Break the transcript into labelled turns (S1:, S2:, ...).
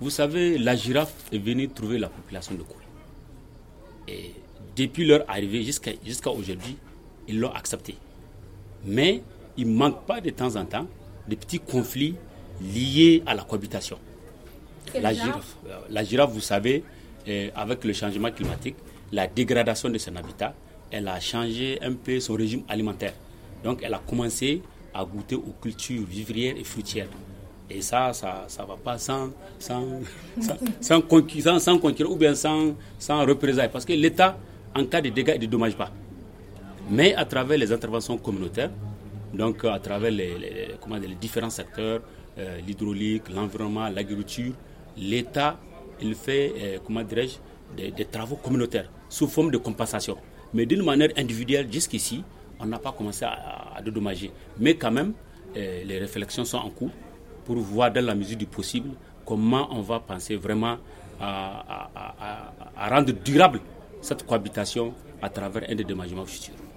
S1: Vous savez, la girafe est venue trouver la population de Koué. Et depuis leur arrivée jusqu'à jusqu'à aujourd'hui, ils l'ont accepté. Mais il ne manque pas de temps en temps des petits conflits liés à la cohabitation. La girafe, euh, la girafe, vous savez, euh, avec le changement climatique, la dégradation de son habitat, elle a changé un peu son régime alimentaire. Donc elle a commencé à goûter aux cultures vivrières et fruitières. Et ça, ça ne va pas sans, sans, sans, sans, ou bien sans, sans représailles. Parce que l'État, en cas de dégâts, ne dédommage pas. Mais à travers les interventions communautaires, donc euh, à travers les, les différents secteurs, euh, l'hydraulique, l'environnement, l'agriculture, l'État, il fait, euh, des, travaux communautaires sous forme de compensation. Mais d'une manière individuelle, jusqu'ici, on n'a pas commencé à, dédommager. Mais quand même, les réflexions sont en cours pour voir dans la mesure du possible comment on va penser vraiment à, rendre durable cette cohabitation à travers un dédommagement futur.